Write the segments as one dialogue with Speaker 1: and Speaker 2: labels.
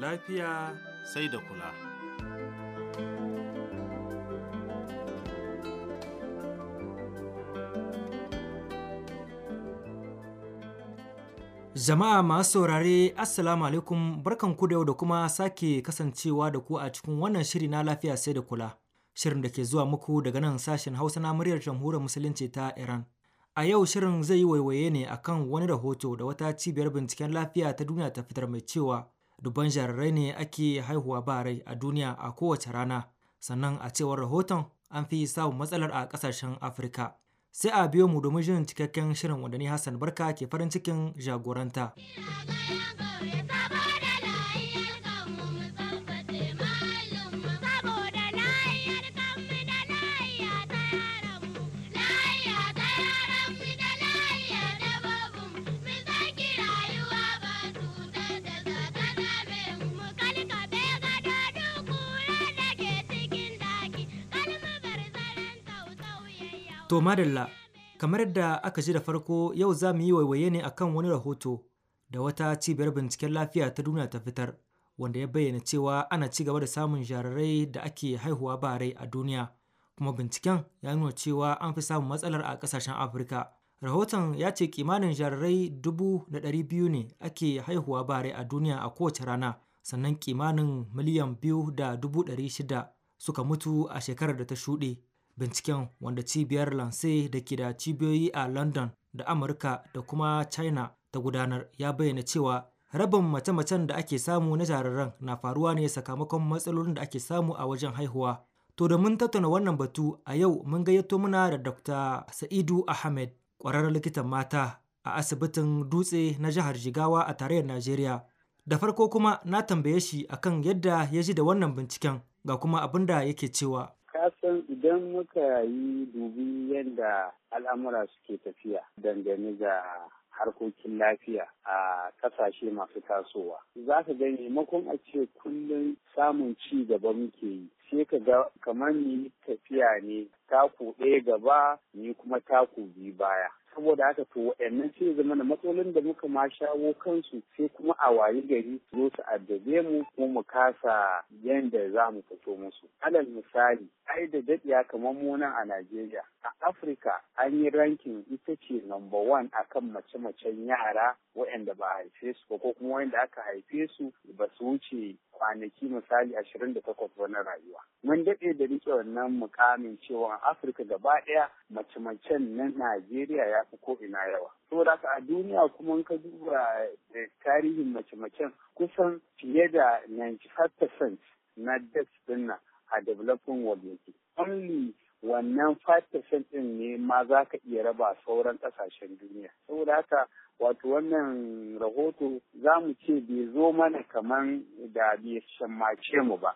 Speaker 1: lafiya sai da kula. Jama'a masu saurare Assalamu alaikum barkan ku da yau da kuma sake kasancewa da ku a cikin wannan shiri na lafiya sai da kula. Shirin da ke zuwa muku daga nan sashen Hausa na muryar jamhuriyar Musulunci ta Iran. A yau shirin zai yi waiwaye ne akan wani rahoto da wata cibiyar binciken lafiya ta duniya ta fitar mai cewa dubban jarirai ne ake haihuwa ba rai a duniya a kowace rana sannan a cewar rahoton an fi samun matsalar a ƙasashen afirka sai a biyo mu domin jin cikakken shirin wadani hassan barka ke farin cikin jagoranta. To madalla, kamar yadda aka ji da farko yau za mu yi waiwaye ne akan wani rahoto da wata cibiyar binciken lafiya ta duniya ta fitar wanda ya bayyana cewa ana ci gaba da samun jarirai da ake haihuwa ba rai a duniya kuma binciken ya nuna cewa an fi samun matsalar a kasashen afirka rahoton ya ce kimanin jarirai dubu da ɗari biyu ne ake haihuwa ba rai a duniya a kowace rana sannan kimanin miliyan biyu da dubu ɗari shida suka mutu a shekarar da ta shuɗe Binciken wanda cibiyar lance da ke da cibiyoyi a London da Amurka da kuma China ta gudanar ya bayyana cewa rabin mace-macen da ake samu na jariran na faruwa ne sakamakon matsalolin da ake samu a wajen haihuwa. To da mun tattauna wannan batu a yau mun gayyato muna da Dr. Sa'idu Ahmed, kwararren likitan mata a asibitin Dutse na jihar Jigawa a tarayyar Najeriya. Da farko kuma na tambaye shi akan yadda ya ji da wannan binciken ga kuma abin da yake cewa.
Speaker 2: idan muka yi dubi yadda al'amura suke tafiya dangane ga harkokin lafiya a kasashe masu tasowa za ka ga maimakon a ce kullum samun ci gaba muke yi sai ka ga kamar ni tafiya ne taku ɗaya gaba ni kuma taku biyu baya saboda haka to wa'annan sai zama da matsalolin da muka ma shawo kansu sai kuma a wayi gari su zo su addabe mu ko mu kasa yadda za mu fito musu alal misali ai da daɗiya kamar mu nan a Najeriya a Afirka an yi rankin ita ce number one kan mace-macen yara wa'anda ba a haife su ba ko kuma wa'anda aka haife su ba su wuce kwanaki misali ashirin da takwas na rayuwa. Mun daɗe da rike wannan mukamin cewa Afirka gaba ɗaya mace-macen na Najeriya ya fi ko ina yawa. Saboda haka a duniya kuma ka duba eh, tarihin mace-macen kusan fiye da 95% na deaths ɗin a developing world yake. Only wannan 5% ɗin ne ma za ka iya raba sauran ƙasashen duniya. Saboda haka wato wannan rahoto za mu ce bai zo mana kamar da bai shammace mu ba.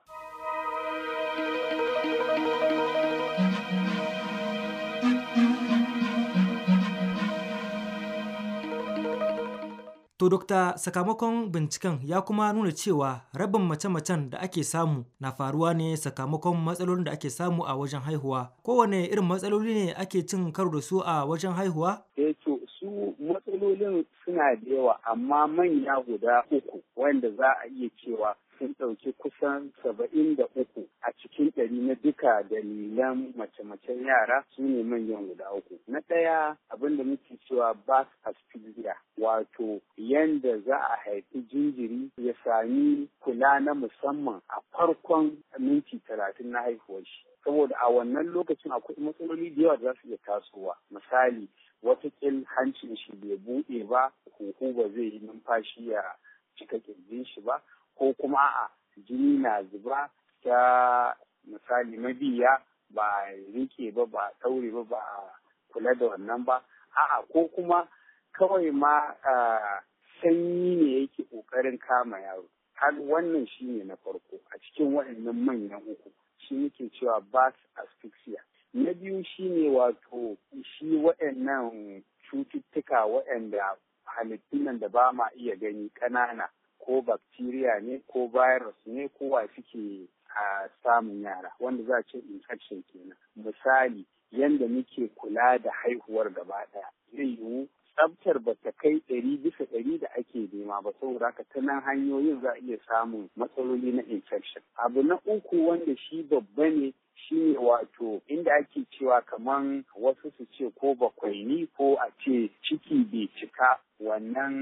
Speaker 1: To, Dokta, sakamakon binciken ya kuma nuna cewa rabin mace-macen da ake samu na faruwa ne sakamakon matsalolin da ake samu a wajen haihuwa. Kowane irin matsaloli ne ake cin karo da su a wajen haihuwa?
Speaker 2: Eh, to, su matsalolin suna da yawa, amma manya guda uku. wanda za a iya cewa sun ɗauki kusan saba'in da uku a cikin ɗari na duka dalilan mace-macen yara su ne manyan guda uku. Na ɗaya abin da muke cewa bas asphyxia wato yanda za a haifi jinjiri ya sami kula na musamman a farkon minti talatin na haihuwar shi. Saboda a wannan lokacin akwai matsaloli da yawa za su iya tasowa. Misali, watakil hancin shi bai buɗe ba, huhu ba zai yi numfashi ya cika kirjin shi ba ko kuma a jini na zuba ta misali mabiya ba rike ba ba ɗaure ba ba kula da wannan ba a'a ko kuma kawai ma sanyi ne yake ƙoƙarin kama yaro har wannan shi ne na farko a cikin waɗannan manyan uku shi muke cewa bas asphyxia na biyu shi ne wato shi waɗannan cututtuka waɗanda halittun nan da ba ma iya gani ƙanana ko bakteriya ne ko virus ne ko wa suke a samun yara wanda za a ce infection kenan misali yanda muke kula da haihuwar gaba ɗaya zai yiwu tsabtar ba ta kai ɗari bisa ɗari da ake nema ba saboda haka ta nan hanyoyin za a iya samun matsaloli na infection abu na uku wanda shi babba ne ne wato inda ake cewa kaman wasu su ce ko bakwaini ko a ce ciki bai cika wannan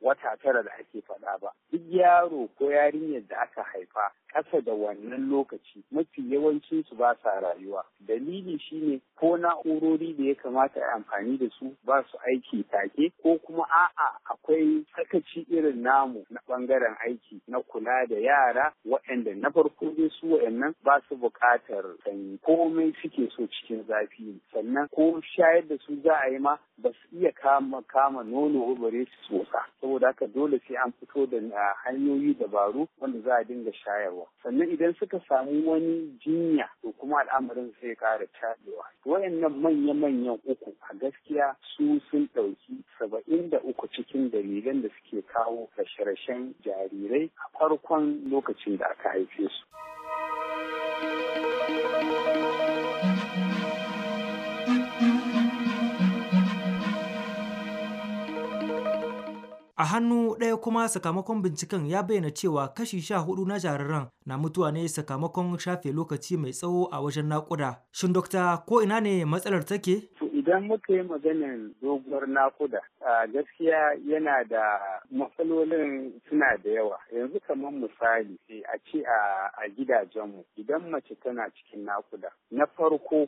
Speaker 2: wata tara da ake faɗa ba. Duk yaro ko yarinyar da aka haifa ƙasa da wannan lokaci mafi yawancin su ba sa rayuwa. Dalili shine ko na'urori da ya kamata a amfani da su ba su aiki take ko kuma a'a akwai sakaci irin namu na ɓangaren aiki na kula da yara waɗanda na farko dai su waɗannan ba su buƙatar sanyi komai suke so cikin zafi sannan ko shayar da su za a yi ma ba su iya kama kama nono bare su tsotsa. saboda haka dole sai an fito da ah, hanyoyi dabaru wanda za a dinga shayarwa sannan idan suka samu wani jinya to kuma al'amarin sai ƙara caɗewa wayannan manya-manyan uku a gaskiya su sun ɗauki saba'in da uku cikin dalilan da suke kawo rashe-rashen jarirai a farkon lokacin da aka haife su.
Speaker 1: A hannu ɗaya kuma sakamakon binciken ya bayyana cewa kashi sha hudu na jariran na mutuwa ne sakamakon shafe lokaci mai tsawo a wajen naƙuda. Shin dokta ko ina ne matsalar take? Idan muka
Speaker 2: yi maganin doguwar nakuda, a gaskiya yana da matsalolin suna da yawa. Yanzu kamar misali eh, a ce a gidajenmu idan mace tana cikin nakuda. Na farko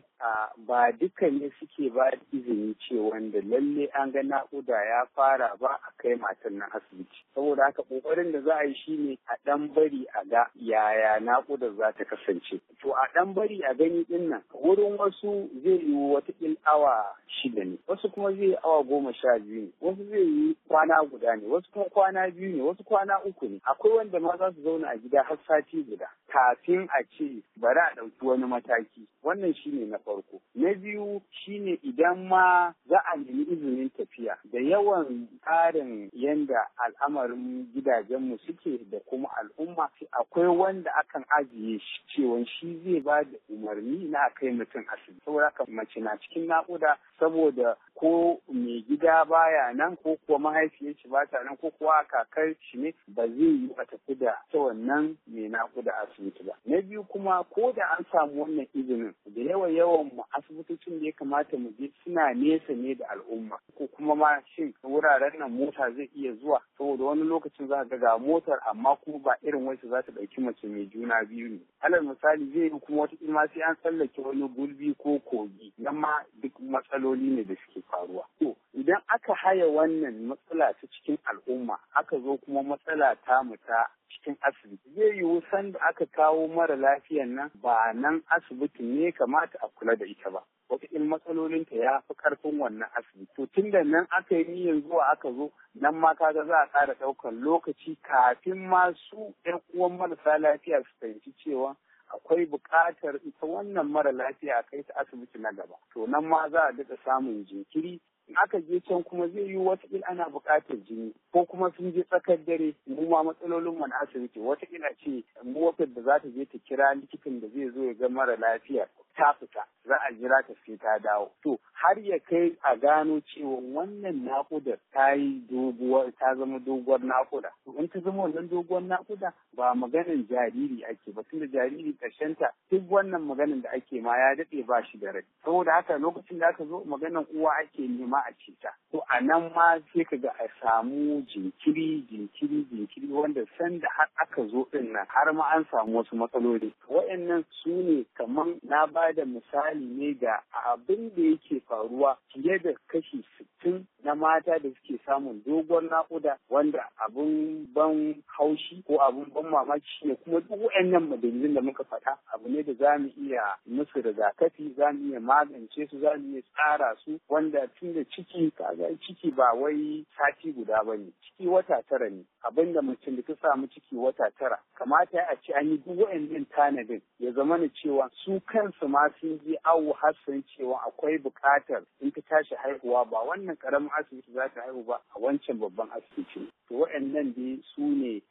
Speaker 2: ba dukkan ne suke ba izini ce wanda lalle an ga nakuda ya fara ba a kai matan nan asibiti. Saboda haka kokarin da za a yi shi ne a ɗan bari a ga yaya nakudar za ta kasance. To a ɗan bari a gani ɗin nan wurin wasu zai yi wata awa shida ne wasu kuma zai yi awa goma sha biyu ne wasu zai yi kwana guda ne wasu kuma kwana biyu ne wasu kwana uku ne akwai wanda ma za su zauna a gida har sati guda kafin a ce bari a ɗauki wani mataki wannan shine na farko na biyu shine idan ma za a nemi izinin tafiya da yawan tsarin yanda al'amarin gidajenmu suke da kuma al'umma akwai wanda akan ajiye shi cewan shi zai ba da umarni na a kai mutum asibiti saboda haka mace na cikin naƙuda saboda ko mai gida baya nan ko kuwa mahaifiyar shi ba ta nan ko kuwa kakar shi ne ba zai yi a tafi da ta wannan mai naƙuda asibiti asibiti ba na biyu kuma ko da an samu wannan izinin da yawa yawan mu asibitocin da ya kamata mu je suna nesa ne da al'umma ko kuma ma shin wuraren nan mota zai iya zuwa saboda wani lokacin za ka ga motar amma kuma ba irin wacce za ta ɗauki mace mai juna biyu ne alal misali zai yi kuma wata ma sai an tsallake wani gulbi ko kogi nan ma duk matsaloli ne da suke faruwa to idan aka haya wannan matsala ta cikin al'umma aka zo kuma matsala ta mu ta cikin asibiti zai yiwu sanda aka kawo mara lafiyan nan ba nan asibiti ne kamata a kula da ita ba wataƙil matsalolinta ya fi ƙarfin wannan asibiti to tun da nan aka yi niyyar zuwa aka zo nan ma kaga za a ƙara ɗaukar lokaci kafin ma su ƴan uwan marasa lafiya su fahimci cewa akwai buƙatar ita wannan mara lafiya a kai ta asibiti na gaba to nan ma za a daɗa samun jinkiri in aka je can kuma zai yi watakila ana buƙatar jini ko kuma sun je tsakar dare mu ma matsalolin wani asibiti wata watakila ce mu da za ta je ta kira likitan da zai zo ya ga mara lafiya ta fita za a jira ta sai ta dawo to har ya kai a gano cewa wannan nakuda ta yi doguwar ta zama doguwar nakuda to in ta zama wannan doguwar nakuda ba maganin jariri ake ba da jariri ta duk wannan maganin da ake ma ya daɗe ba shi da rai saboda haka lokacin da aka zo maganin uwa ake nema a cita to a nan ma sai ka ga a samu jinkiri jinkiri jinkiri wanda sanda har aka zo ɗin nan har ma an samu wasu matsaloli wa'annan su ne kamar na ba ba da misali ne ga abin da yake faruwa fiye da kashi sittin na mata da suke samun dogon naƙuda wanda abun ban haushi ko abun ban mamaki ne kuma duk wayannan madalilin da muka faɗa abu ne da za mu iya musu rigakafi za mu iya magance su za mu iya tsara su wanda tun da ciki kaga ciki ba wai sati guda ba ne ciki wata tara ne abin da mutum da ta samu ciki wata tara kamata a ce an yi duk wayannan tanadin ya zama na cewa su kansu ma sun je awo har cewa akwai bukatar in ta tashi haihuwa ba wannan karamin asibiti za ta haihu ba a wancan babban asibiti to wa'annan dai su ne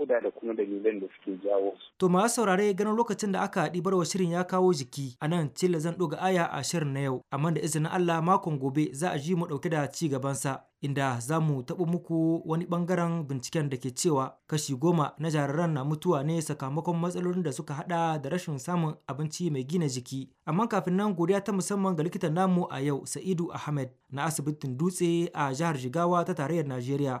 Speaker 2: kuda da kuma dalilan da suke jawo su.
Speaker 1: To ma saurare ganin lokacin da aka ɗibar wa shirin ya kawo jiki a nan cilla zan ɗoga aya a shirin na yau amma da izinin Allah makon gobe za a ji mu ɗauke da ci gabansa. Inda za mu taɓa muku wani ɓangaren binciken da ke cewa kashi goma na jariran na mutuwa ne sakamakon matsalolin da suka haɗa da rashin samun abinci mai gina jiki. Amma kafin nan godiya ta musamman ga likitan namu a yau Sa'idu Ahmed na asibitin Dutse a jihar Jigawa ta tarayyar Najeriya.